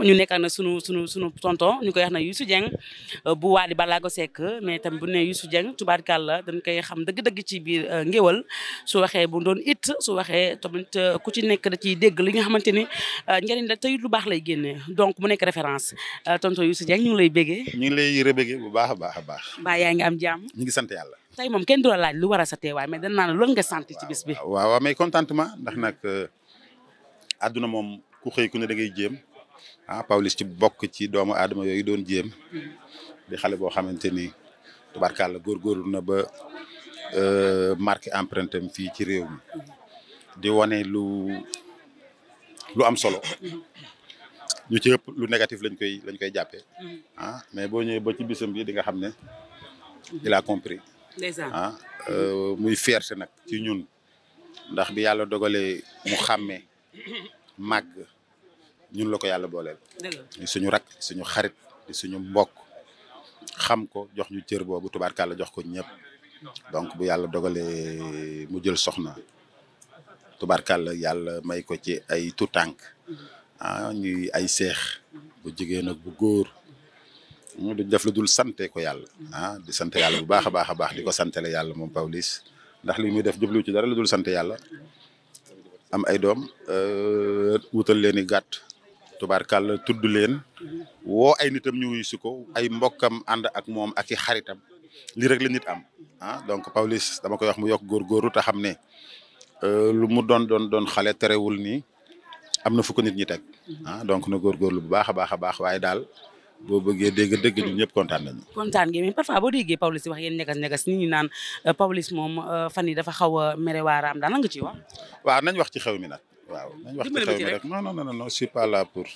ñu nekk na sunu sunu sunu tonton ñu koy wax na Youssou Dieng euh, bu Wally Ballago Seck mais tam bu ne Youssou Dieng tubaarkàlla dañ koy xam dëgg-dëgg ci biir euh, ngéwal su waxee bu doon it su waxee tamit euh, ku ci nekk da ciy dégg li nga xamante ni njëriñ la tey lu baax lay génne donc mu nekk référence tonton Youssou Dieng ñu ngi lay bégee ñu ngi lay rebégee bu baax a baax a baax mbaa yaa ngi am jàmm ñu ngi sant yàlla tey moom kenn du la laaj lu war a sa teewaay mais dañ naan loolu nga sant ci bis bi waaw waaw mais contentement ndax nag moom ku xëy ku ah ci bokk ci doomu aadama yooyu doon jéem di xale boo xamante ni tubarkàlla góorgóorlu na ba euh, marqué empreinte am fii ci réew mi di wane lu lu am solo ñu ci ëpp lu négatif lañ koy lañ koy jàppee ah mais boo ñëwee ba ci bisam bi di nga xam ne il la compris ah euh, muy fierté nag ci ñun ndax bi yàlla dogalee mu xàmmee màgg ñun la ko yàlla booleel. suñu rak suñu xarit suñu mbokk xam ko jox ñu cër boobu tubaarkàlla jox ko ñëpp donc bu yàlla dogalee mu jël soxna tubaarkàlla yàlla may ko ci ay tout tànk ah ñuy ay seex bu jigéen ak bu góor. ñu du def lu dul sante ko yàlla ah di sant yàlla bu baax a baax a baax di ko santale yàlla moom Pawlish ndax li def jublu ci dara lu dul sant yàlla am ay doom euh, wutal leen i gàtt tubaarkàlla tudd leen woo ay nitam ñu si ko ay mbokkam ànd ak moom ak i xaritam lii rek la nit am ah donc pawlis dama koy wax mu yokk góorgóorlu ta xam ne euh, lu mu doon doon doon xale terewul nii am na fu ko nit ñi teg ah donc na góorgóorlu bu baax a baax a baax daal boo bëggee dégg dëgg ñun ñëpp kontaan nañu. kontaan ngeen mais parfois boo déggee Pawlish wax yen ñagas ñagas ñu ñi naan euh, Pawlish moom euh, fan yi dafa xaw a mere waaraam daan nga ciy wax. waaw nañ wax ci xew mi nag. waaw nañ wax ci xew bi rek non non non non je pour